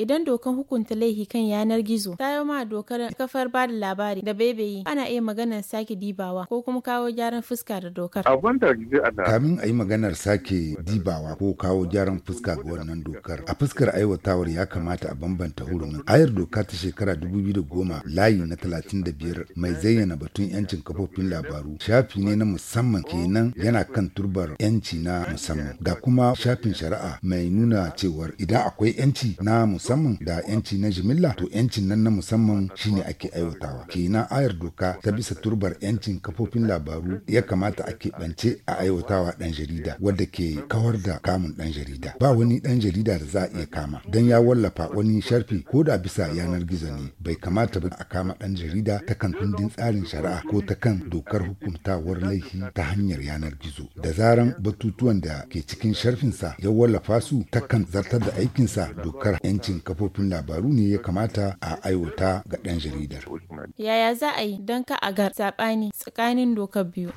Idan dokan hukunta laihi kan yanar gizo ta yi ma dokar kafar ba da labari da bebeyi ana iya maganar sake dibawa ko kuma kawo gyaran fuska da dokar. Kamin a yi maganar sake dibawa ko kawo gyaran fuska ga wannan dokar a fuskar aiwatawar ya kamata a bambanta hurumin. Ayar doka ta shekara dubu da goma layi na talatin da biyar mai zayyana batun yancin kafofin labaru shafi ne na musamman kenan yana kan turbar yanci na musamman ga kuma shafin shari'a mai nuna cewar idan akwai yanci na musamman musamman da yanci na jimilla to yancin nan na musamman shine ake aiwatawa kenan ayar doka ta bisa turbar yancin kafofin labaru ya kamata a keɓance a aiwatawa dan jarida wadda ke kawar da kamun dan jarida ba wani dan jarida da za a iya kama dan ya wallafa wani sharfi ko da bisa yanar gizo ne bai kamata ba a kama dan jarida ta kan kundin tsarin shari'a ko ta kan dokar hukuntawar laifi ta hanyar yanar gizo da zaran batutuwan da ke cikin sharfinsa ya wallafa su ta kan zartar da aikinsa dokar 'yancin kafofin labaru ne ya kamata a aiwata ga ɗan jaridar. Yaya za a yi don ka a ga saɓani tsakanin dokar biyu?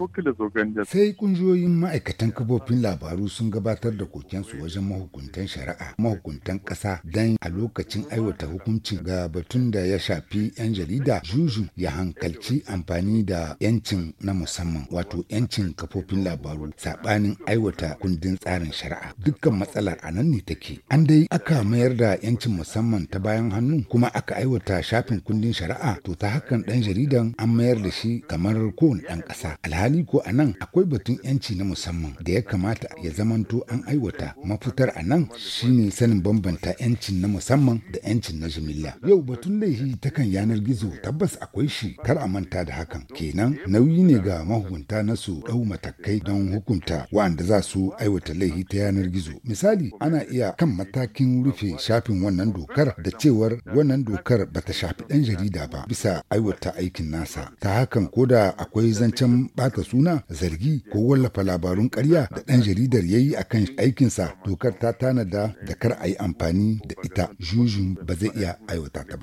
Sai ƙungiyoyin ma'aikatan kafofin labaru sun gabatar da kokensu wajen mahukuntan shari'a, mahukuntan ƙasa don a lokacin aiwata hukuncin ga batun da ya shafi 'yan jarida juju ya hankalci amfani da 'yancin na musamman wato 'yancin kafofin labaru saɓanin aiwata kundin tsarin shari'a. Dukkan matsalar a nan ne take. An dai aka mayar da 'yancin musamman ta bayan hannu kuma aka aiwata shafin kundin shari'a to ta hakan ɗan jaridan an mayar da shi kamar kowane ɗan ƙasa alhali ko a nan akwai batun yanci na musamman da ya kamata ya zamanto an aiwata mafitar a nan shine sanin bambanta yancin na musamman da yancin na jimilla yau batun laifi ta kan yanar gizo tabbas akwai shi kar a manta da hakan kenan nauyi ne ga mahukunta na su dau matakai don hukunta waɗanda za su aiwata laifi ta yanar gizo misali ana iya kan matakin rufe shafin wannan wannan dokar da cewar wannan dokar ba ta shafi ɗan jarida ba bisa aiwata aikin nasa. Ta hakan ko da akwai zancen bata suna zargi ko wallafa labarun karya da ɗan jaridar ya yi a kan aikinsa dokar ta tanada da kar a yi amfani da ita jujin ba zai iya aiwata ta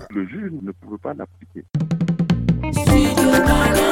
ba.